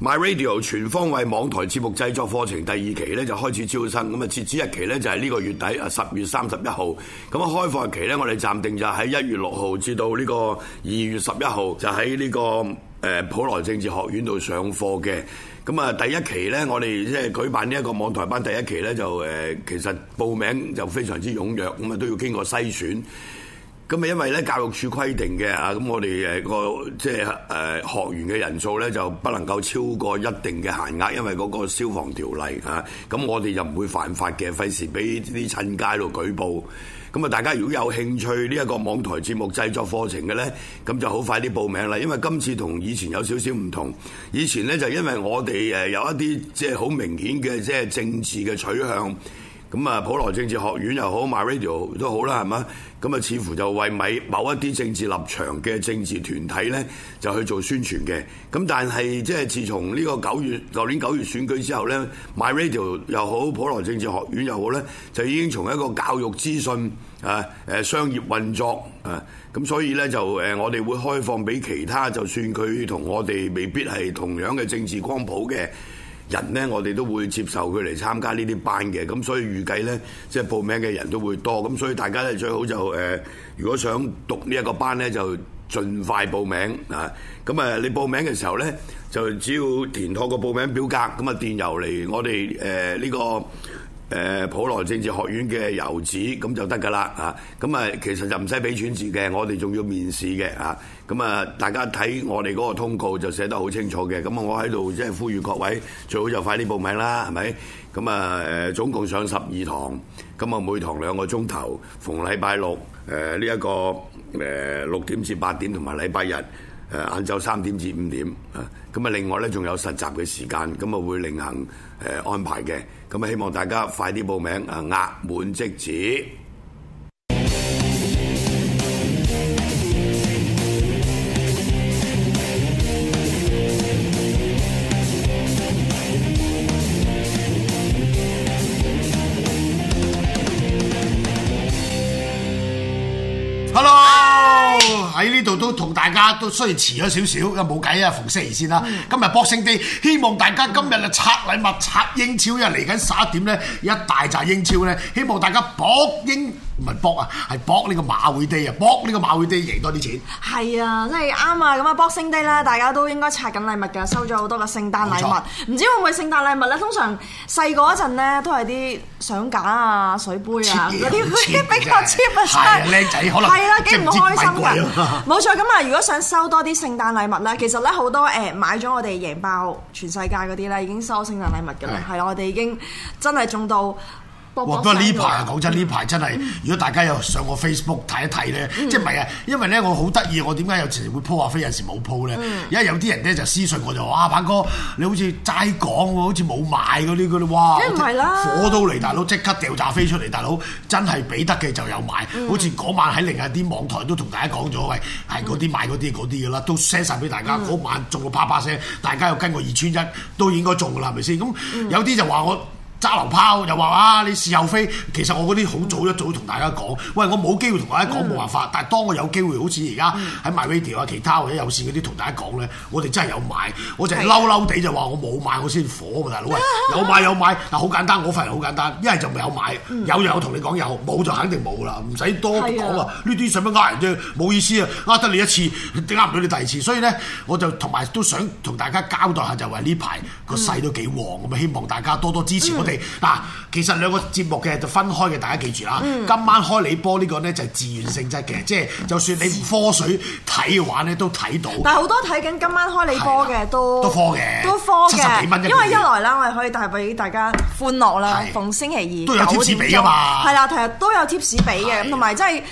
My Radio 全方位網台節目製作課程第二期咧，就開始招生，咁啊截止日期咧就係呢個月底啊，十月三十一號。咁啊開放日期咧，我哋暫定就喺一月六號至到呢個二月十一號，就喺呢個誒普羅政治學院度上課嘅。咁啊第一期咧，我哋即係舉辦呢一個網台班第一期咧，就誒其實報名就非常之踴躍，咁啊都要經過篩選。咁啊，因為咧教育署規定嘅啊，咁我哋誒個即係誒學員嘅人數咧就不能夠超過一定嘅限額，因為嗰個消防條例啊，咁我哋就唔會犯法嘅，費事俾啲親街度舉報。咁啊，大家如果有興趣呢一個網台節目製作課程嘅咧，咁就好快啲報名啦，因為今次同以前有少少唔同。以前咧就因為我哋誒有一啲即係好明顯嘅即係政治嘅取向。咁啊，普羅政治學院又好，MyRadio 都好啦，係嘛？咁啊，似乎就為美某一啲政治立場嘅政治團體呢，就去做宣傳嘅。咁但係即係自從呢個九月，舊年九月選舉之後呢，MyRadio 又好，普羅政治學院又好呢，就已經從一個教育資訊啊，誒商業運作啊，咁所以呢，就誒我哋會開放俾其他，就算佢同我哋未必係同樣嘅政治光譜嘅。人呢，我哋都會接受佢嚟參加呢啲班嘅，咁所以預計呢，即係報名嘅人都會多，咁所以大家呢，最好就誒、呃，如果想讀呢一個班呢，就盡快報名啊！咁誒，你報名嘅時候呢，就只要填妥個報名表格，咁啊電郵嚟我哋誒呢個。誒普羅政治學院嘅遊子咁就得㗎啦嚇，咁啊其實就唔使俾錢字嘅，我哋仲要面試嘅嚇，咁啊大家睇我哋嗰個通告就寫得好清楚嘅，咁啊我喺度即係呼籲各位最好就快啲報名啦，係咪？咁啊誒總共上十二堂，咁啊每堂兩個鐘頭，逢禮拜六誒呢一個誒六點至八點同埋禮拜日。誒晏晝三點至五點，啊咁啊，另外咧仲有實習嘅時間，咁啊會另行誒、呃、安排嘅，咁啊希望大家快啲報名，啊額滿即止。呢度都同大家都雖然遲咗少少，因為冇計啊，逢星期二先啦。今日 Boxing Day，希望大家今日就拆禮物拆英超，又嚟緊十一點咧，一大紮英超咧，希望大家搏英。唔係卜啊，係卜呢個馬會地啊，卜呢個馬會地贏多啲錢。係啊，真係啱啊！咁啊，卜星啲啦，大家都應該拆緊禮物㗎，收咗好多個聖誕禮物。唔知會唔會聖誕禮物咧？通常細個嗰陣咧，都係啲相架啊、水杯啊嗰啲，嗰啲比較 cheap 啊。係靚仔可能係啦，幾唔開心嘅。冇錯，咁啊，如果想收多啲聖誕禮物咧，其實咧，好多誒買咗我哋贏爆全世界嗰啲咧，已經收聖誕禮物㗎啦。係啦，我哋已經真係中到。不過呢排講真，呢排真係，如果大家有上我 Facebook 睇一睇咧，嗯、即係唔係啊？因為咧，我好得意，我點解有時會 po 下飛，ee, 有時冇 po 咧？嗯、因為有啲人咧就私信我就話，啊，鵬哥，你好似齋講喎，好似冇買嗰啲嗰啲。哇！即係唔係啦？火都嚟，大佬即刻掉炸飛出嚟，嗯、大佬真係俾得嘅就有買。嗯、好似嗰晚喺另一啲網台都同大家講咗，喂，係嗰啲買嗰啲嗰啲㗎啦，嗯、都 send 曬俾大家。嗰、嗯、晚中個啪啪聲，大家又跟個二串一都應該做㗎啦，係咪先？咁有啲就話我，揸流炮又話啊！你事後非，其實我嗰啲好早一早同大家講，喂，我冇機會同大家講冇辦法，但係當我有機會，好似而家喺 MyRadio 啊，其他或者有線嗰啲同大家講咧，我哋真係有買，我就係嬲嬲地就話我冇買，我先火嘅大佬喂、啊有，有買有買，嗱好簡單，我份人好簡單，一係就未有買，嗯、有又有同你講有，冇就肯定冇啦，唔使多講啊！呢啲使乜呃人啫，冇意思啊，呃得你一次，呃唔到你第二次，所以咧，我就同埋都想同大家交代下，就係呢排個勢都幾旺咁啊，希望大家多多支持我、嗯。嗱，其實兩個節目嘅就分開嘅，大家記住啦。今晚開你波呢個咧就係自願性質嘅，即係就算你唔科水睇嘅話咧都睇到。但係好多睇緊今晚開你波嘅都都科嘅，都科嘅，因為一來啦，我哋可以帶俾大家歡樂啦。逢星期二都有貼士俾㗎嘛，係啦，其實都有貼士俾嘅，同埋即係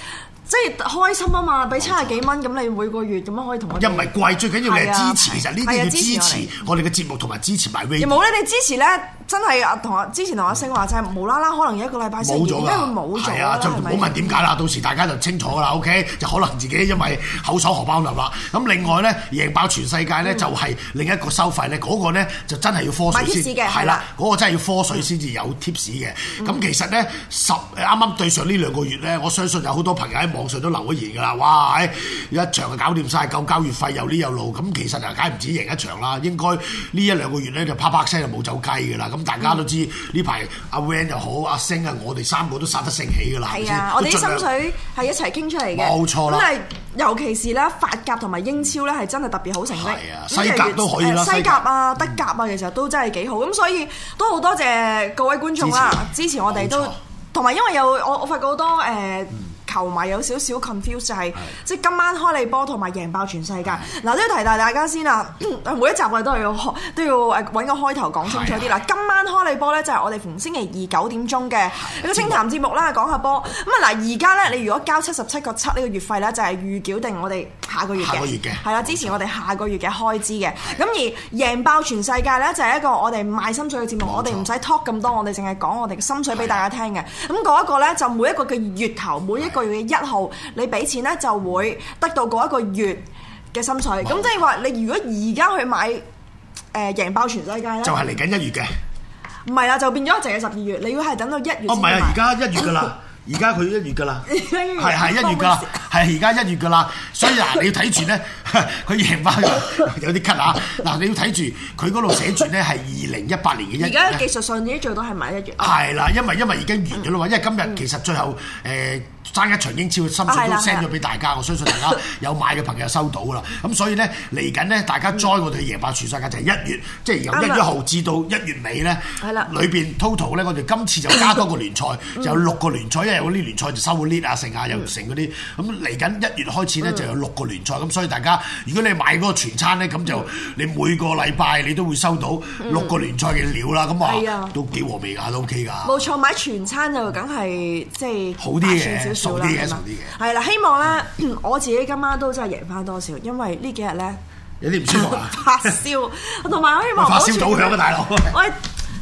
即係開心啊嘛，俾七十幾蚊咁你每個月咁樣可以同我。又唔係貴，最緊要你係支持。其實呢啲叫支持，我哋嘅節目同埋支持埋 Wendy。冇咧，你支持咧。真係啊！同之前同阿星話啫，就係、無啦啦可能一個禮拜冇咗因㗎，係了啊，就冇問點解啦。是是到時大家就清楚㗎啦，OK？就可能自己因為口手荷包流啦。咁另外咧，贏爆全世界咧，就係另一個收費咧，嗰、嗯、個咧就真係要科水先，係啦吧。嗰真係要科水先至有 tips 嘅。咁、嗯、其實咧，十啱啱對上呢兩個月咧，我相信有好多朋友喺網上都留咗言㗎啦。哇！哎、一場係搞掂晒，夠交月費又又，有呢有路。咁其實就梗係唔止贏一場啦，應該呢一兩個月咧就啪啪聲就冇走雞㗎啦。咁大家都知呢排阿 Wen 又好阿 Sing 啊，我哋三個都殺得性起㗎喇。係啊，我哋啲心水係一齊傾出嚟嘅。冇錯啦。因為尤其是咧法甲同埋英超咧，係真係特別好成績。係啊，西甲都可以啦。西甲啊，德甲啊，其實都真係幾好。咁所以都好多謝各位觀眾啦，支持我哋都。同埋因為有我，我發覺好多誒。同埋有少少 confuse 就係即係今晚開你波同埋贏爆全世界。嗱的，都要提下大家先啊！每一集我哋都係要都要誒揾個開頭講清楚啲。啦的今晚開你波咧就係我哋逢星期二九點鐘嘅的一個清談節目啦，講下波。咁啊，嗱，而家咧你如果交七十七個七呢個月費咧，就係預繳定我哋下個月嘅。係啦，支持我哋下個月嘅開支嘅。咁的而贏爆全世界咧就係一個我哋賣心水嘅節目，錯我哋唔使 talk 咁多，我哋淨係講我哋嘅心水俾大家聽嘅。咁嗰一個咧就每一個嘅月頭的每一個。月一號，你俾錢咧就會得到嗰一個月嘅薪水。咁即係話，你如果而家去買，誒贏爆全世界咧，就係嚟緊一月嘅。唔係啊，就變咗淨係十二月。你要係等到一月。哦，唔係啊，而家一月㗎啦，而家佢一月㗎啦，係係一月㗎，係而家一月㗎啦。所以嗱，你要睇住咧，佢贏爆有啲咳啊！嗱，你要睇住佢嗰度寫住咧係二零一八年嘅一。而家技術上已經做到係買一月。係啦，因為因為已經完咗啦嘛，因為今日其實最後誒。爭一場英超，心水都 send 咗俾大家，我相信大家有買嘅朋友收到㗎啦。咁所以咧，嚟緊咧，大家栽我哋贏爆全世界就係一月，即係由一月一號至到一月尾咧，裏邊 total 咧，我哋今次就加多個聯賽，就有六個聯賽，因為嗰啲聯賽就收嗰啲啊剩啊又剩嗰啲。咁嚟緊一月開始咧就有六個聯賽，咁所以大家如果你買嗰個全餐咧，咁就你每個禮拜你都會收到六個聯賽嘅料啦。咁啊，都幾和味㗎，都 OK 㗎。冇錯，買全餐就梗係即係好啲嘅。少啲嘅，係啦！希望咧，我自己今晚都真係贏翻多少，因為呢幾日咧有啲唔舒服，發燒，同埋我希望發燒早響啊，大佬！喂，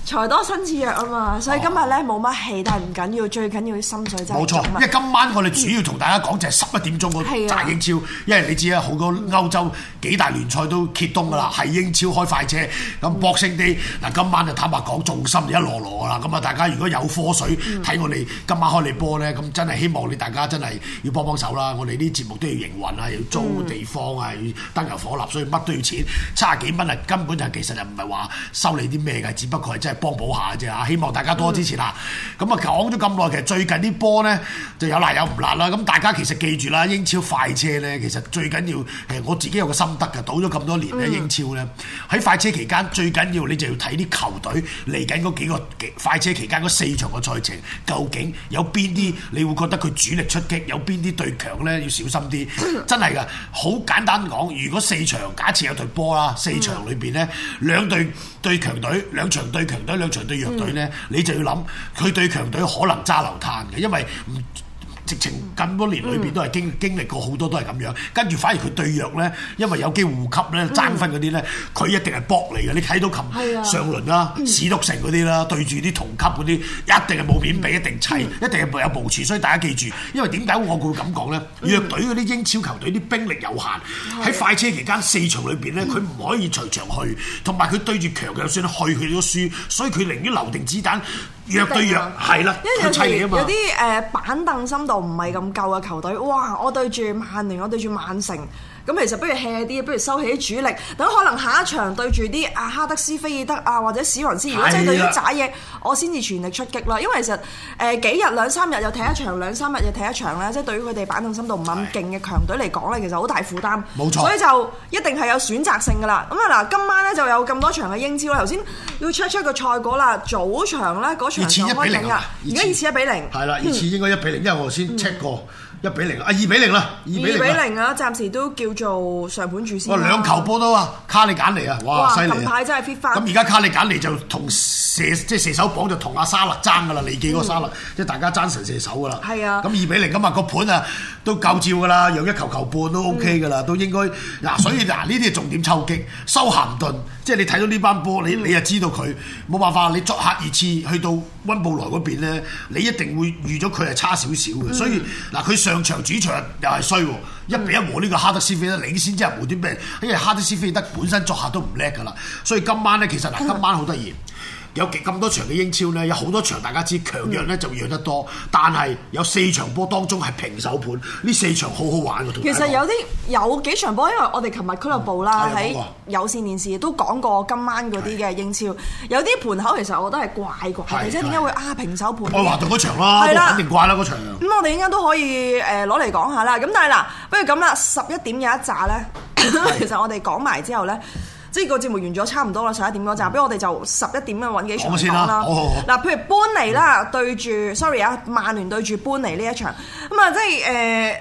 財多身子弱啊嘛，所以今日咧冇乜氣，但係唔緊要，最緊要啲心水真係冇錯。因為今晚我哋主要同大家講就係十一點鐘個大英超，因為你知啦，好多歐洲。幾大聯賽都揭東㗎啦，係英超開快車咁 Boxing Day 嗱，今晚就坦白講重心一籮籮㗎啦。咁啊，大家如果有科水睇我哋今晚開你波呢，咁真係希望你大家真係要幫幫手啦。我哋啲節目都要營運啊，要租地方啊，嗯、要燈油火蠟，所以乜都要錢。七十幾蚊啊，根本就其實就唔係話收你啲咩㗎，只不過係真係幫補下啫嚇。希望大家多支持、嗯、啊！咁啊講咗咁耐，其實最近啲波呢，就有辣有唔辣啦。咁大家其實記住啦，英超快車呢，其實最緊要誒我自己有個心得嘅，賭咗咁多年咧，嗯、英超咧喺快車期間最緊要你就要睇啲球隊嚟緊嗰幾個快車期間嗰四場嘅賽程，究竟有邊啲你會覺得佢主力出擊，有邊啲對強咧要小心啲，真係㗎，好簡單講，如果四場假設有隊波啦，四場裏邊咧兩隊對強隊，兩場對強隊，兩場對弱隊咧，嗯、你就要諗佢對強隊可能揸流攤嘅，因為。直情咁多年裏邊都係經經歷過好多都係咁樣，跟住、嗯、反而佢對弱呢，因為有機護級呢，嗯、爭分嗰啲呢，佢一定係搏嚟嘅。你睇到琴上輪啦，嗯、史篤城嗰啲啦，對住啲同級嗰啲，一定係冇面俾，嗯、一定砌，一定係有部署。所以大家記住，因為點解我會咁講呢？弱隊嗰啲英超球隊啲兵力有限，喺快車期間四場裏邊呢，佢唔可以隨場去，同埋佢對住強嘅，就算去佢都輸，所以佢寧願留定子彈。弱對弱係啦，一、啊、有時有啲誒板凳深度唔係咁夠嘅球隊，哇！我對住曼聯，我對住曼城。咁其實不如吃啲，不如收起啲主力，等可能下一場對住啲阿哈德斯菲爾德啊，或者史雲斯。如果真係對於渣嘢，我先至全力出擊啦。因為其實誒幾日兩三日又踢一場，兩三日又踢一場咧，嗯、即係對於佢哋板凳深度唔咁勁嘅強隊嚟講咧，唉其實好大負擔。冇錯，所以就一定係有選擇性噶啦。咁啊嗱，今晚咧就有咁多場嘅英超啦。頭先要 check 出個賽果啦。早場咧嗰場就開緊啊！而家二次一比零。係啦，二次應該一比零，因為、嗯、我先 check 過。嗯一比零啊，二比零啦，二比零啊，暫時都叫做上盤住先。哇，兩球波都啊，太太卡利簡尼啊，哇，犀利！近排真係 fit 返。咁而家卡利簡尼就同射，即係射手榜就同阿沙勒爭噶啦，利記嗰個沙勒，嗯、即係大家爭神射手噶啦。係啊。咁二比零㗎啊，個盤啊都夠照㗎啦，讓一球球半都 OK 㗎啦，嗯、都應該嗱、啊，所以嗱呢啲係重點抽擊，修咸頓，即係你睇到呢班波，嗯、你你又知道佢冇辦法，你作客二次去到溫布萊嗰邊咧，你一定會預咗佢係差少少嘅，嗯、所以嗱佢、啊、上。上場主場又係衰，一比一和呢個哈德斯菲德領先，之後冇啲咩，因為哈德斯菲德本身作客都唔叻噶啦，所以今晚咧其實嗱，今晚好得意。嗯有幾咁多場嘅英超呢？有好多場大家知強弱呢，就讓得多，嗯、但係有四場波當中係平手盤，呢四場好好玩嘅。其實有啲有幾場波，因為我哋琴日俱樂部啦喺、嗯嗯、有線電視都講過今晚嗰啲嘅英超，是的 有啲盤口其實我覺得係怪過，即係點解會啊平手盤？嗯、我話咗嗰場啦，係啦，肯定怪啦嗰場。咁我哋應該都可以誒攞嚟講下啦。咁但係嗱，不如咁啦，十一點有一集呢？ 其實我哋講埋之後呢。即係個節目完咗差唔多啦，十一點嗰陣，不如我哋就十一點咁搵幾場啦。嗱，哦、譬如般尼啦，對住、哦、sorry 啊，曼聯對住般尼呢一場，咁啊、呃，即係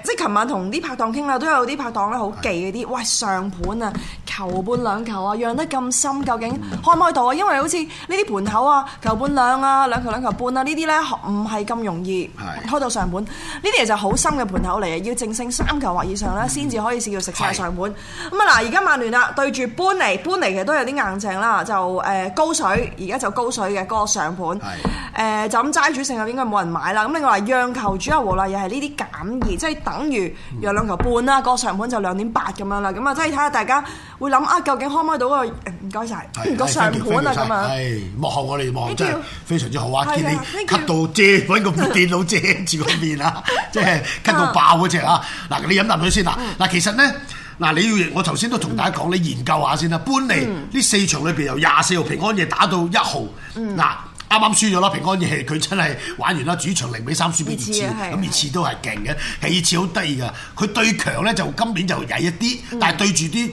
誒，即係琴晚同啲拍檔傾啦，都有啲拍檔咧好忌嗰啲，的喂上盤啊！球半兩球啊，讓得咁深，究竟開唔開到啊？因為好似呢啲盤口啊，球半兩啊，兩球兩球半啊，呢啲呢，唔係咁容易開到上盤。呢啲嘢就好深嘅盤口嚟嘅，要正勝三球或以上咧，先至可以試叫食晒上盤。咁啊嗱，而家曼聯啊，對住搬嚟搬嚟，其實都有啲硬淨啦，就誒高水，而家就高水嘅嗰、嗰個上盤。誒是的、呃、就咁齋主勝啊，應該冇人買啦。咁另外話讓球主啊和啦，又係呢啲減二，即係等於讓兩球半啦，個上盤就兩點八咁樣啦。咁啊，即係睇下大家。那個會諗啊，究竟開唔開到個？誒，唔該曬個上盤啦咁啊！係幕後我哋幕後真係非常之好啊！見你咳到遮，揾個電腦遮住個面啊！即係咳到爆嗰隻啊！嗱，你飲啖水先啊！嗱，其實咧，嗱，你要我頭先都同大家講，你研究下先啦。搬嚟呢四場裏邊，由廿四號平安夜打到一號，嗱啱啱輸咗啦。平安夜佢真係玩完啦，主場零比三輸俾熱刺，咁熱刺都係勁嘅，氣次好低㗎。佢對強咧就今年就曳一啲，但係對住啲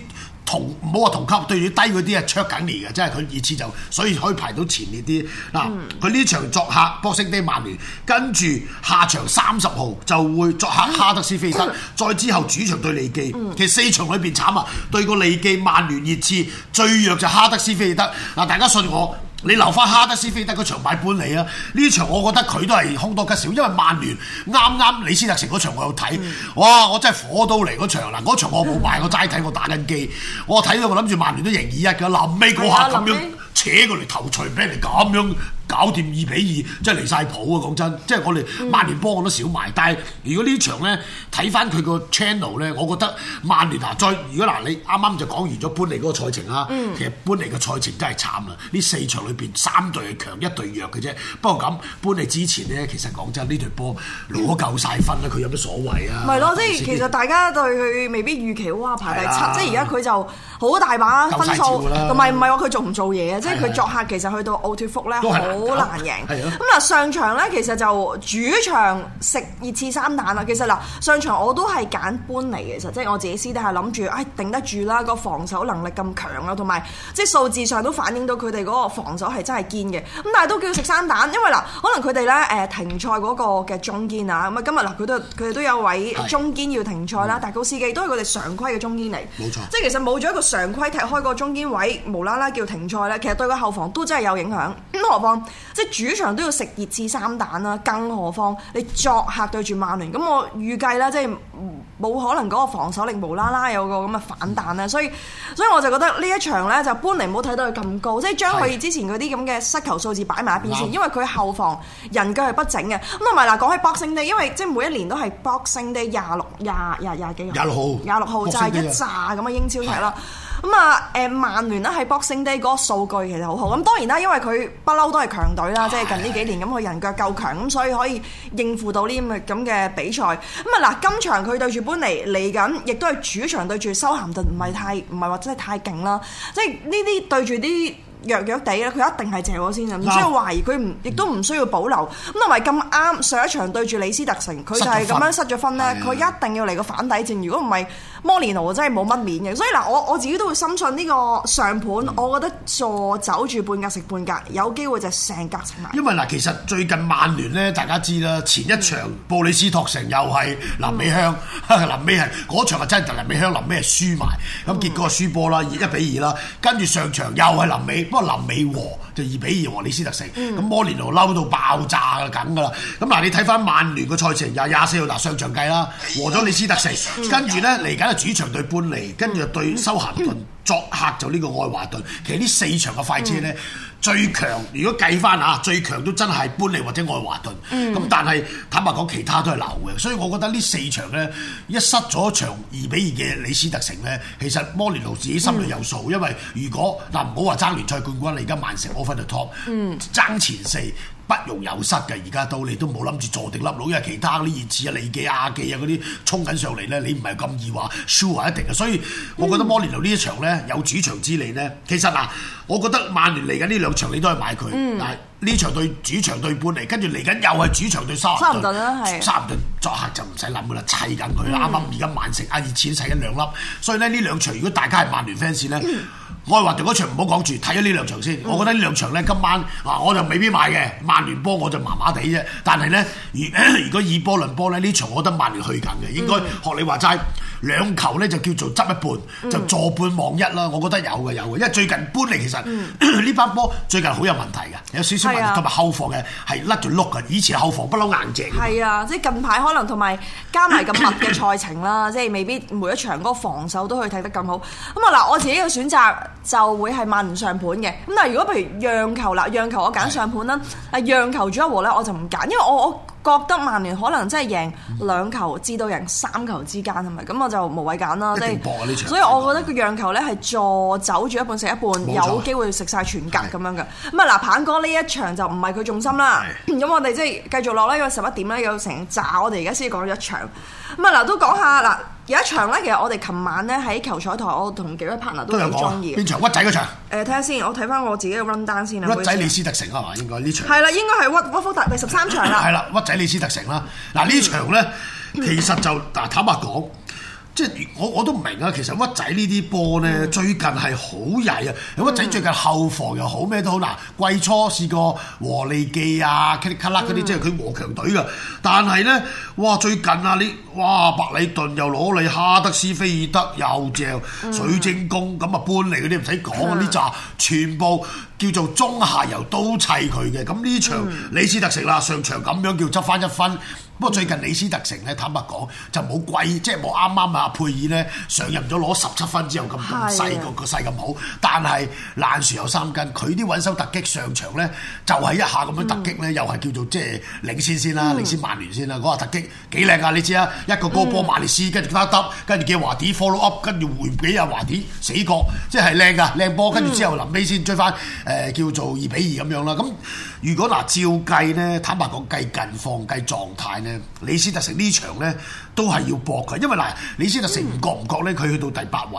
同唔好話同級對住低嗰啲啊，灼緊嚟嘅，即係佢熱刺就所以可以排到前列啲。嗱，佢呢場作客 Boxing Day 曼聯，跟住下場三十號就會作客 哈德斯菲爾德，再之後主場對利記。其實四場裏邊慘啊，對個利記曼聯熱刺最弱就哈德斯菲爾德。嗱，大家信我。你留翻哈德斯菲德嗰場擺盤你啊。呢場我覺得佢都係空多吉少，因為曼聯啱啱李斯特城嗰場我有睇，嗯、哇！我真係火到嚟嗰場啦，嗰場我冇買， 我齋睇我打緊機，我睇到我諗住曼聯都贏二一嘅，臨尾嗰下咁樣扯過嚟頭槌俾人哋咁樣。搞掂二比二，即係離晒譜啊！講真，即係我哋曼聯波我都少埋，但係如果呢場咧睇翻佢個 channel 咧，我覺得曼聯啊，再如果嗱你啱啱就講完咗搬嚟嗰個賽程啦、嗯，其實搬嚟嘅賽程真係慘啊！呢四場裏邊三隊係強一隊弱嘅啫。不過咁搬嚟之前咧，其實講真呢隊波攞夠晒分啦，佢有乜所謂啊？咪咯，即係其實大家對佢未必預期哇排第七，啊、即係而家佢就好大把分數，同埋唔係話佢做唔做嘢，啊。即係佢作客其實去到奧脫福咧。的是好難贏，咁嗱上場呢，其實就主場食熱刺三蛋啦。其實嗱上場我都係揀搬嚟嘅，其實即係我自己私底下諗住，唉頂得住啦。個防守能力咁強啦，同埋即係數字上都反映到佢哋嗰個防守係真係堅嘅。咁但係都叫食三蛋，因為嗱可能佢哋呢誒停賽嗰個嘅中堅啊，咁啊今日嗱佢都佢哋都有位中堅要停賽啦，大高斯基都係佢哋常規嘅中堅嚟，冇錯。即係其實冇咗一個常規踢開個中堅位，無啦啦叫停賽呢，其實對個後防都真係有影響。何況，即係主場都要食熱刺三蛋啦，更何況你作客對住曼聯，咁我預計咧，即係冇可能嗰個防守力無啦啦有個咁嘅反彈咧，所以所以我就覺得呢一場咧就搬嚟唔好睇到佢咁高，即係將佢之前嗰啲咁嘅失球數字擺埋一邊先，的因為佢後防人腳係不整嘅，咁同埋嗱，講起 Boxing Day 呢，因為即係每一年都係 Boxing Day 呢廿六廿廿廿幾號，廿六號，廿六號就係一紮咁嘅英超踢啦。日咁啊，誒曼、嗯、聯啦喺 Boxing Day 嗰個數據其實好好，咁當然啦，因為佢不嬲都係強隊啦，即係唉 近呢幾年咁佢人腳夠強，咁所以可以應付到呢咁嘅比賽。咁啊嗱，今場佢對住般尼嚟緊，亦都係主場對住修咸頓，唔係太唔係話真係太勁啦，即係呢啲對住啲，弱弱地咧，佢一定係借我先啊！唔需要懷疑佢唔，亦都唔需要保留。咁同埋咁啱上一場對住李斯特城，佢就係咁樣失咗分咧。佢、啊、一定要嚟個反底戰，如果唔係摩連奴真係冇乜面嘅。所以嗱，我我自己都會深信呢個上盤，嗯、我覺得助走住半格食半格，有機會就成格食埋。因為嗱，其實最近曼聯咧，大家知啦，前一場布里斯托城又係、嗯、 林美香，林尾係嗰場啊，真係林，林美香林尾係輸埋，咁結果輸波啦，二一比二啦，跟住上場又係林美。不過林美和就二比二和李斯特城，咁、嗯、摩連奴嬲到爆炸緊㗎啦！咁嗱，你睇翻曼聯嘅賽程，廿廿四號嗱上場計啦，和咗李斯特城、嗯，跟住咧嚟緊係主場對般尼，跟住對修咸頓，作客就呢個愛華頓，其實呢四場嘅快車咧，嗯最強，如果計翻嚇，最強都真係搬利或者愛華頓。咁、嗯、但係坦白講，其他都係流嘅。所以我覺得呢四場呢，一失咗場二比二嘅李斯特城呢，其實摩連奴自己心裏有數，嗯、因為如果嗱唔好話爭聯賽冠軍啦，而家曼城我分到 top，爭、嗯、前四。不容有失嘅，而家到你都冇諗住坐定笠佬，因為其他啲熱刺啊、利記、亞記啊嗰啲衝緊上嚟咧，你唔係咁易話 sure 一定嘅，所以我覺得摩連奴呢一場咧、嗯、有主場之利咧，其實嗱，我覺得曼聯嚟緊呢兩場你都係買佢，嗯、但係。呢場對主場對般尼，跟住嚟緊又係主場對三，塵頓對，沙塵頓作客就唔使諗噶啦，砌緊佢。啱啱而家曼城阿爾切砌緊兩粒，所以咧呢兩場如果大家係曼聯 fans 咧，愛華頓嗰場唔好講住，睇咗呢兩場先。嗯、我覺得呢兩場咧今晚啊，我就未必買嘅。曼聯波我就麻麻地啫，但係咧，如如果以波論波咧，呢場我覺得曼聯去緊嘅，應該學、嗯、你話齋。兩球咧就叫做執一半，就坐半望一啦。嗯、我覺得有嘅有嘅，因為最近搬嚟其實呢、嗯、 班波最近好有問題嘅，有少少問題同埋是、啊、後防嘅係甩住碌嘅，以前後防不嬲硬淨。係啊，即係近排可能同埋加埋咁密嘅賽程啦，咳咳即係未必每一場嗰個防守都可以睇得咁好。咁啊嗱，我自己嘅選擇就會係慢唔上盤嘅。咁但係如果譬如讓球啦，讓球我揀上盤啦，啊的讓球主一和咧我就唔揀，因為我我。覺得曼聯可能真係贏兩球，至、嗯、到贏三球之間係咪？咁、嗯、我就無謂揀啦。即係、啊、所以，我覺得個讓球咧係助走住一半食一半，錯啊、有機會食晒全格咁樣嘅。咁是的 啊嗱，鵬哥呢一場就唔係佢重心啦。咁是的 我哋即係繼續落啦，因為十一點咧有成炸。我哋而家先講咗一場。咁啊嗱，都講下嗱。有一場咧，其實我哋琴晚咧喺球彩台，我同幾位 partner 都好中意。邊、啊、場？屈仔嗰場。睇下、呃、先看看，我睇翻我自己嘅 run down 先啊。 屈仔李斯特城啊嘛，應該呢場。係啦、嗯，應該係屈屈福特第十三場啦。係啦，屈仔李斯特城啦。嗱呢場咧，其實就嗱坦白講。即係我我都唔明啊！其實屈仔呢啲波呢，嗯、最近係好曳啊！嗯、屈仔最近後防又好咩都好，嗱季初試過和利記啊、卡利咔啦嗰啲，即係佢和強隊嘅。嗯、但係呢，哇最近啊，你哇白里頓又攞你，哈德斯菲爾德又正水晶宮咁啊、嗯、搬嚟嗰啲唔使講啊，呢扎、嗯、全部叫做中下游都砌佢嘅。咁呢場李斯特城啦，嗯嗯、上場咁樣叫執翻一分。不過最近李斯特城咧，坦白講就冇貴，即係冇啱啱阿佩爾咧上任咗攞十七分之後咁細是的 個個勢咁好，但係爛船有三斤，佢啲穩守突擊上場咧就係、是、一下咁樣突擊咧，嗯、又係叫做即係領先先啦、啊，嗯、領先曼聯先啦、啊，嗰下突擊幾靚啊！你知啊，一個高波馬利斯，跟住拉耷，跟住叫華迪 follow up，跟住回畀華迪死角，即係靚噶靚波，跟住之後臨尾先追翻誒、呃、叫做二比二咁樣啦，咁、嗯。如果嗱照計咧，坦白講計近況計狀態咧，李斯特城呢場呢。都係要搏佢，因為嗱李斯特城唔覺唔覺呢？佢去到第八位，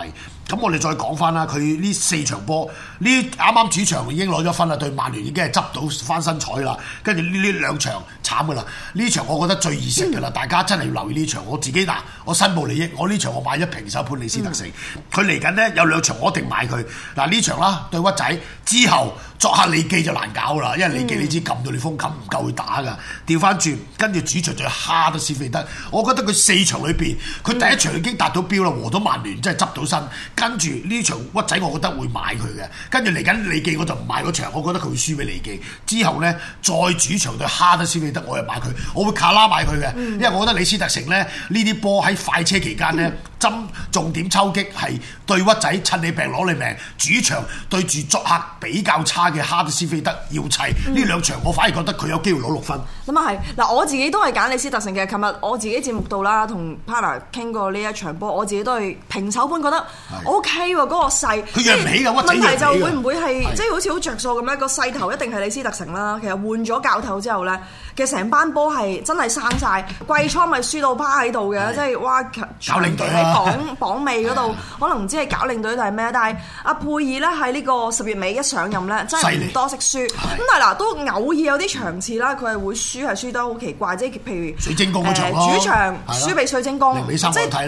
咁、嗯、我哋再講翻啦。佢呢四場波，呢啱啱主場已經攞咗分啦，對曼聯已經係執到翻身彩啦。跟住呢呢兩場慘噶啦，呢場我覺得最易食噶啦，嗯、大家真係要留意呢場。我自己嗱，我申報利益，我呢場我買一平手盤李斯特城。佢嚟緊呢有兩場我一定買佢嗱呢場啦，對屈仔之後作客李記就難搞啦，因為李記你知撳到、嗯、你，你風撳唔夠去打噶，調翻轉跟住主場再蝦都先飛得，我覺得佢。四場裏邊，佢第一場已經達到標啦，和咗曼聯真係執到身。跟住呢場屈仔，我覺得會買佢嘅。跟住嚟緊利記，我就唔買嗰場，我覺得佢會輸俾利記。之後呢，再主場對哈德斯比德我又買佢，我會卡拉買佢嘅，因為我覺得李斯特城呢呢啲波喺快車期間呢。嗯針重點抽擊係對屈仔，趁你病攞你命。主場對住作客比較差嘅哈德斯菲德，要砌呢兩場，我反而覺得佢有機會攞六分。咁啊係嗱，我自己都係揀李斯特城嘅。琴日我自己節目度啦，同 partner 傾過呢一場波，我自己都係平手盤覺得 O K 喎，嗰是、okay 啊嗰個勢。佢若尾有屈仔，問題就會唔會係是即係好似好着數咁樣？個勢頭一定係李斯特城啦。其實換咗教頭之後咧，其實成班波係真係生晒，季初咪輸到趴喺度嘅，即係哇！搞領隊榜榜尾嗰度，可能唔知係搞領隊定係咩，但係阿佩爾咧喺呢個十月尾一上任咧，真係唔多識輸咁係嗱，都偶爾有啲場次啦，佢係會輸係輸得好奇怪即係。譬如水晶宮嗰場咯，主場輸俾水晶宮，即係嗰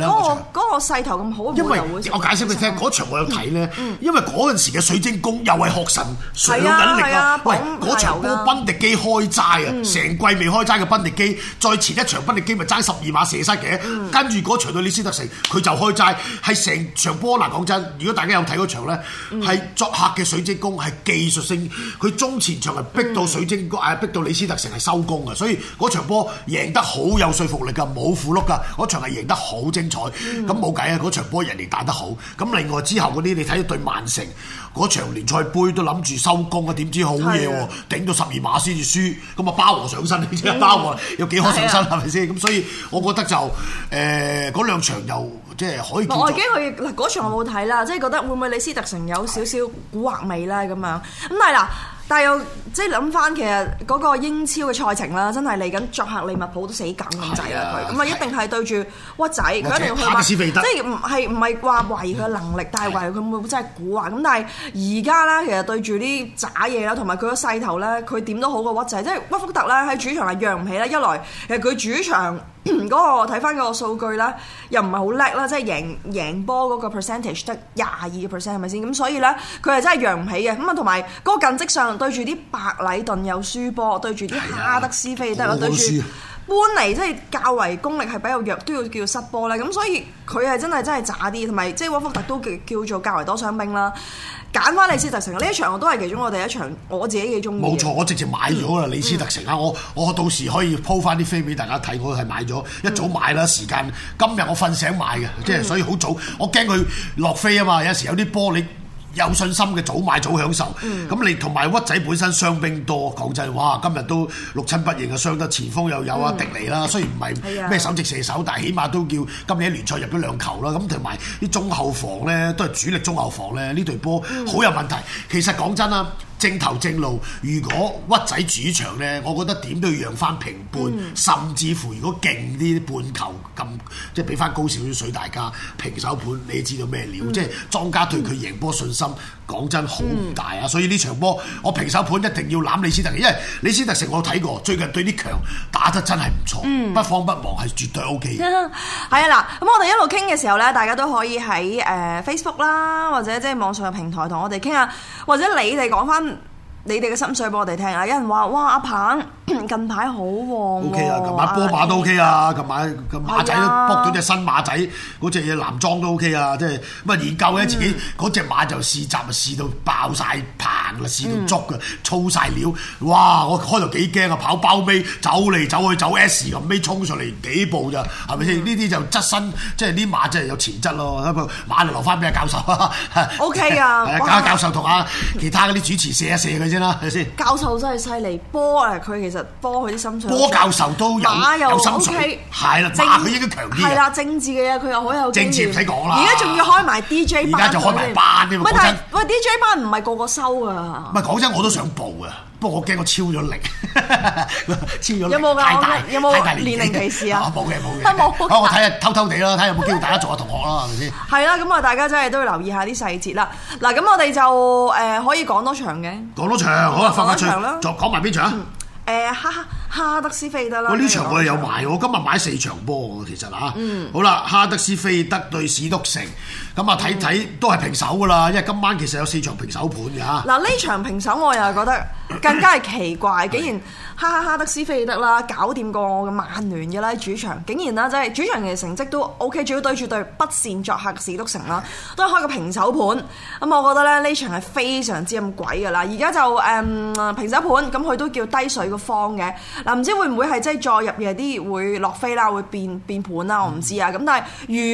個嗰個勢頭咁好，因為我解釋俾你聽嗰場我有睇咧，因為嗰陣時嘅水晶宮又係學神上緊力啊！喂，嗰場個賓迪基開齋啊，成季未開齋嘅賓迪基，再前一場賓迪基咪爭十二碼射失嘅，跟住嗰場對李斯特城。佢就開齋，係成場波嗱。講真，如果大家有睇嗰場咧，係作客嘅水晶宮，係技術性，佢中前場係逼到水晶宮，嗯、逼到李斯特城係收工啊！所以嗰場波贏得好有說服力㗎，冇苦碌㗎。嗰場係贏得好精彩，咁冇計啊！嗰場波人哋打得好。咁另外之後嗰啲，你睇對曼城嗰場聯賽杯都諗住收工啊，點知好嘢喎！的頂到十二碼先至輸，咁啊包和上身你知啦，包和有幾可上身係咪先？咁的所，所以我覺得就誒嗰、呃、兩場又～即係可以。我已經去嗱嗰場我冇睇啦，即係覺得會唔會李斯特城有少少蠱惑味啦咁樣。咁的但係嗱，但係又即係諗翻其實嗰個英超嘅賽程啦，真係嚟緊作客利物浦都死梗咁滯啦佢。咁啊一定係對住屈仔，佢的一定要去買，即係唔係唔係話懷疑佢嘅能力，的但係懷疑佢會唔會真係蠱惑。咁但係而家咧，其實對住啲渣嘢啦，同埋佢個勢頭咧，佢點都好過屈仔，即係屈福特咧喺主場係揚唔起啦。一來其實佢主場。嗰、那個睇翻嗰個數據咧，又唔係好叻啦，即係贏贏波嗰、那個 percentage 得廿二個 percent 係咪先？咁所以咧，佢係真係揚唔起嘅。咁啊，同埋嗰個近績上對住啲白禮頓有輸波，對住啲哈德斯菲德啊，我對住搬嚟即係較為功力係比較弱，都要叫做失波咧。咁所以佢係真係真係渣啲，同埋即係沃福特都叫叫做較為多傷兵啦。揀翻李斯特城呢一場我都係其中我第一場，我自己幾中意。冇錯，我直接買咗啦，李斯特城啦，嗯嗯、我我到時可以 po 翻啲飛俾大家睇，我係買咗，一早買啦，時間、嗯、今日我瞓醒買嘅，即係所以好早，我驚佢落飛啊嘛，有時有啲波你。有信心嘅早買早享受，咁、嗯、你同埋屈仔本身傷兵多，講真，哇！今日都六親不認啊，傷得前鋒又有啊，嗯、迪尼啦，雖然唔係咩首席射手，嗯、但係起碼都叫今年喺聯賽入咗兩球啦。咁同埋啲中後防呢，都係主力中後防呢。呢隊波好有問題。嗯、其實講真啊～正頭正路，如果屈仔主場呢，我覺得點都要讓翻平半，嗯、甚至乎如果勁啲半球咁，即係俾翻高少少水大家水平手盤，你知道咩料？即係、嗯、莊家對佢贏波信心，講、嗯、真好唔大啊！所以呢場波，我平手盤一定要攬李斯特，因為李斯特城我睇過，最近對啲強打得真係唔錯，嗯、不慌不忙係絕對 O K 嘅。係啊、嗯，嗱， 咁我哋一路傾嘅時候呢，大家都可以喺誒 Facebook 啦，或者即係網上嘅平台同我哋傾下，或者你哋講翻。你哋嘅心水俾我哋聽啊！有人話：哇，阿鵬。近排好喎，O K 啊！近排波馬都 O K 啊！近排個馬仔都僕到隻新馬仔，嗰隻嘢男裝都 O K 啊！即係乜研究咧，自己嗰隻馬就試習，試到爆晒，棚啦，試到足嘅粗晒料。哇！我開頭幾驚啊，跑包尾走嚟走去走 S 咁尾衝上嚟幾步咋？係咪先？呢啲就側身，即係啲馬真係有潛質咯。不過馬就留翻俾阿教授。O K 啊，交教授同啊，其他嗰啲主持射一射佢先啦，係咪先？教授真係犀利，波啊。佢其波佢啲心水，波教授都有有心水，係啦，正，係啦，政治嘅嘢佢又好有，政治唔使講啦。而家仲要開埋 DJ 班，而家就開埋班啫但係喂 DJ 班唔係個個收㗎。唔係講真，我都想報㗎，不過我驚我超咗力，超咗有冇有冇有冇年齡歧視啊？冇嘅冇嘅，我睇下偷偷哋啦，睇下有冇機會大家做下同學啦，係咪先？係啦，咁啊，大家真係都要留意下啲細節啦。嗱，咁我哋就誒可以講多場嘅，講多場好啊，發發出，再講埋邊場？誒，哈哈。哈德斯菲德啦，嗰呢場我又有埋，我今日買四場波嘅，其實嚇。好啦，哈德斯菲德對史篤城，咁啊睇睇都係平手嘅啦，因為今晚其實有四場平手盤嘅嚇。嗱呢、啊、場平手我又係覺得更加係奇怪， 竟然哈是的 哈哈德斯菲德啦搞掂過我嘅曼聯嘅啦主場，竟然啦即係主場其實成績都 O K，主要對住對不善作客史篤城啦，是的 都係開個平手盤。咁、嗯、我覺得咧呢場係非常之咁鬼嘅啦，而家就誒平手盤，咁佢都叫低水個方嘅。嗱，唔、啊、知會唔會係真係再入夜啲會落飛啦，會變變盤啦、啊，我唔知啊。咁但係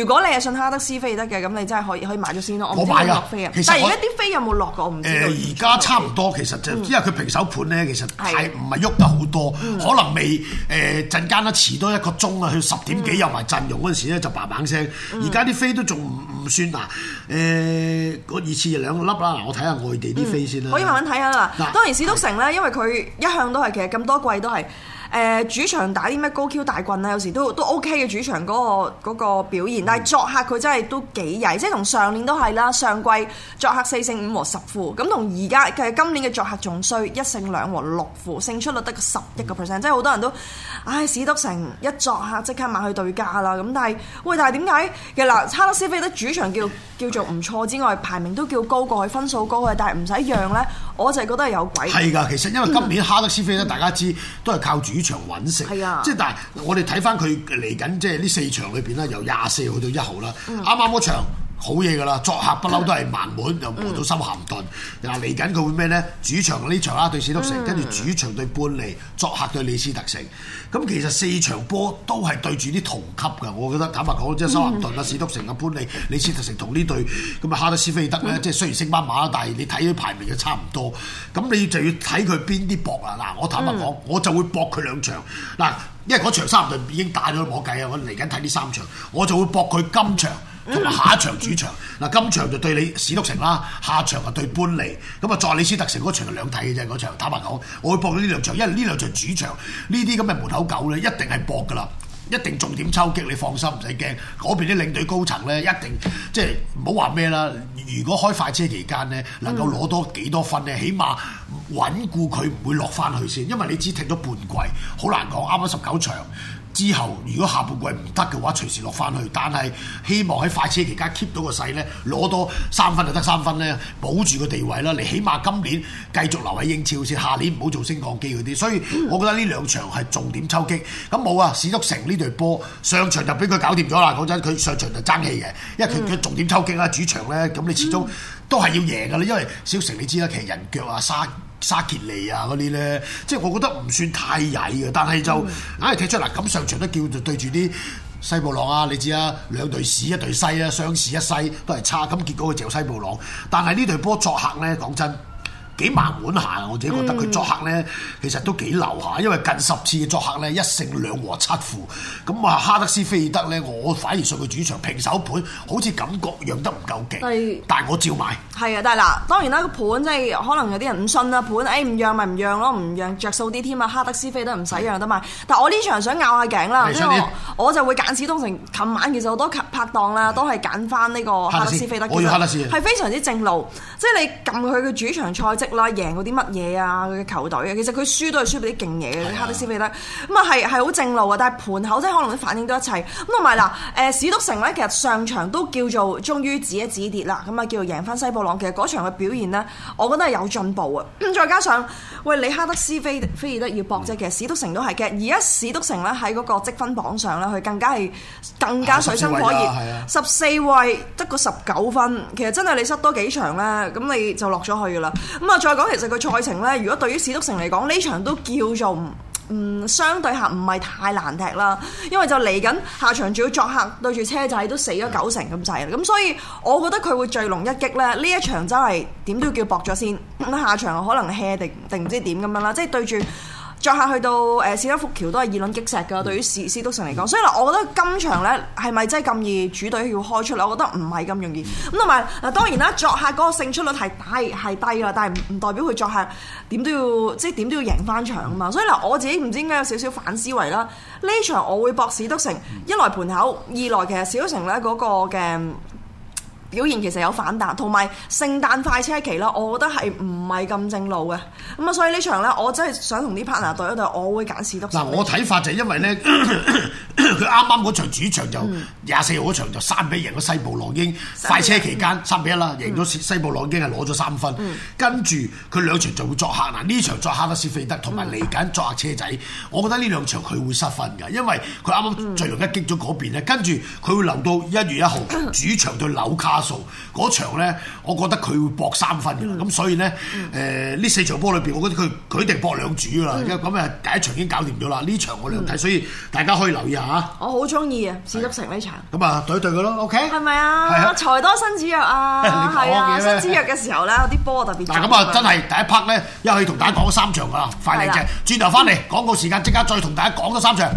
如果你係信哈德斯飛得嘅，咁你真係可以可以買咗先咯、啊。我買落飛其實，但係而家啲飛有冇落過，我唔知，而家差唔多，嗯、其實就因為佢平手盤咧，其實係唔係喐得好多，嗯、可能未誒陣間啦，呃、遲多一個鐘啊，佢十點幾有埋陣容嗰陣時咧，就嘭嘭聲。而家啲飛都仲唔唔算啊誒，二次兩個粒啦。嗱，我睇下外地啲飛先啦、啊嗯。可以慢慢睇下啦。嗱，當然史篤城咧，因為佢一向都係其實咁多季都係。誒、呃、主場打啲咩高 Q 大棍咧、啊，有時都都 O K 嘅主場嗰、嗰個嗰個表現，但係作客佢真係都幾曳，即係同上年都係啦，上季作客四勝五和十負，咁同而家嘅今年嘅作客仲衰，一勝兩和六負，勝出率得個十一個 percent，即係好多人都，唉，史篤城一作客即刻買去對家啦，咁但係，喂，但係點解嘅嗱，哈德斯菲爾德主場叫叫做唔錯之外，排名都叫高過佢，分數高過佢，但係唔使讓呢？我就係覺得係有鬼，係㗎，其實因為今年哈德斯菲咧，嗯、大家知都係靠主場搵食，即係、嗯、但係我哋睇返佢嚟緊，即係呢四場裏邊咧，由廿四號去到一號啦，啱啱嗰場。好嘢噶啦！作客不嬲都係曼滿，又磨到修咸頓。嗱、嗯，嚟緊佢會咩咧？主場呢場啦對史篤城，跟住、嗯、主場對搬利，作客對李斯特城。咁其實四場波都係對住啲同級嘅。我覺得坦白講，即係修咸頓、嗯、啊、史篤城啊、搬利、李斯特城同呢隊咁啊哈德斯菲德咧，即係、嗯、雖然升班馬，但係你睇佢排名嘅差唔多。咁你就要睇佢邊啲搏啊！嗱，我坦白講，嗯、我就會搏佢兩場。嗱，因為嗰場修咸頓已經打咗我計啊！我嚟緊睇呢三場，我就會搏佢今場。同埋下一場主場，嗱，今場就對你史篤城啦，下場啊對搬尼，咁啊再里斯特城嗰場兩睇嘅啫，嗰場坦白講，我會搏呢兩場，因為呢兩場主場呢啲咁嘅門口狗呢，一定係搏噶啦，一定重點抽擊，你放心唔使驚。嗰邊啲領隊高層呢，一定即係唔好話咩啦。如果開快車期間呢，能夠攞多幾多分呢，嗯、起碼穩固佢唔會落翻去先，因為你只踢咗半季，好難講。啱啱十九場。之後，如果下半季唔得嘅話，隨時落翻去。但係希望喺快車期間 keep 到個勢咧，攞多三分就得三分咧，保住個地位啦。你起碼今年繼續留喺英超先，下年唔好做升降機嗰啲。所以我覺得呢兩場係重點抽擊。咁冇啊，史篤城呢隊波上場就俾佢搞掂咗啦。講真，佢上場就爭氣嘅，因為佢佢重點抽擊啦，嗯、主場呢，咁你始終都係要贏㗎啦。因為小城你知啦，其實人腳啊、沙。沙杰尼啊嗰啲咧，即係我覺得唔算太曳嘅，但係就硬係踢出嚟咁，上場都叫做對住啲西布朗啊！你知啊，兩隊史一隊西啊，雙史一西都係差，咁結果佢就有西布朗。但係呢隊波作客咧，講真。幾萬碗行，我自己覺得佢作客咧，嗯、其實都幾流下，因為近十次嘅作客咧，一勝兩和七負。咁啊，哈德斯菲爾德咧，我反而信佢主場平手盤，好似感覺讓得唔夠勁對。但係我照買。係啊，但係嗱，當然啦，個盤即係可能有啲人唔信啊，盤誒唔、哎、讓咪唔讓咯，唔讓着數啲添啊。哈德斯菲德唔使讓得買，但係我呢場想拗下頸啦，的因為我，點我就會揀史篤城。琴晚其實好多拍檔啦，都係揀翻呢個哈德斯菲爾德，係非常之正路，即係你撳佢嘅主場賽績。啦，贏嗰啲乜嘢啊？佢嘅球隊啊，其實佢輸都係輸俾啲勁嘢嘅。是啊、哈德斯菲德，咁啊係係好正路啊！但係盤口真係可能反應都反映到一切。咁同埋嗱，誒、呃、史篤城咧，其實上場都叫做終於止一止跌啦，咁啊叫做贏翻西布朗。其實嗰場嘅表現呢，我覺得係有進步啊。再加上喂，你哈德斯菲德菲爾德要搏啫，其實史篤城都係嘅。而家史篤城咧，喺嗰個積分榜上咧，佢更加係更加水深火熱，十四位得個十九分，其實真係你失多幾場咧，咁你就落咗去噶啦。咁啊～再講，其實個賽程呢，如果對於史篤城嚟講，呢場都叫做唔唔相對客，唔係太難踢啦。因為就嚟緊下，下場仲要作客對住車仔，都死咗九成咁滯啦。咁所以我覺得佢會聚龍一擊呢，呢一場真係點都要叫博咗先。咁下場可能 hea 定定唔知點咁樣啦，即係對住。作客去到誒史丹福橋都係以卵擊石㗎，對於史史篤城嚟講，所以嗱，我覺得今場呢係咪真係咁易主隊要開出嚟？我覺得唔係咁容易。咁同埋嗱，當然啦，作客嗰個勝出率係低係低啦，但係唔代表佢作客點都要即係點都要贏翻場啊嘛。所以嗱，我自己唔知點解有少少反思維啦。呢場我會博史篤城，一來盤口，二來其實小城呢嗰個嘅。表現其實有反彈，同埋聖誕快車期啦，我覺得係唔係咁正路嘅？咁啊，所以呢場咧，我真係想同啲 partner 對一對我，我會揀市得。嗱，我睇法就係因為咧。 佢啱啱嗰場主場就廿四號嗰場就三比一贏咗西布朗英，快車期間三比一啦，贏咗西布朗英係攞咗三分，跟住佢兩場就會作客啦，呢場作客哈德斯菲德同埋嚟緊作客車仔，我覺得呢兩場佢會失分㗎，因為佢啱啱最後一擊咗嗰邊咧，跟住佢會留到一月一號主場對紐卡素嗰場咧，我覺得佢會搏三分㗎，咁所以咧誒呢四場波裏邊，我覺得佢佢一定搏兩主㗎啦，因為咁啊第一場已經搞掂咗啦，呢場我兩睇，所以大家可以留意下。我好中意啊！市足成呢場，咁啊，對對佢咯，OK？係咪啊？財多身子弱啊，係啊，身子弱嘅時候咧，啲波特別大。咁啊，真係第一 part 咧，又可以同大家講咗三場噶啦，的快靚點啫，轉頭翻嚟廣告時間，即刻再同大家講多三場。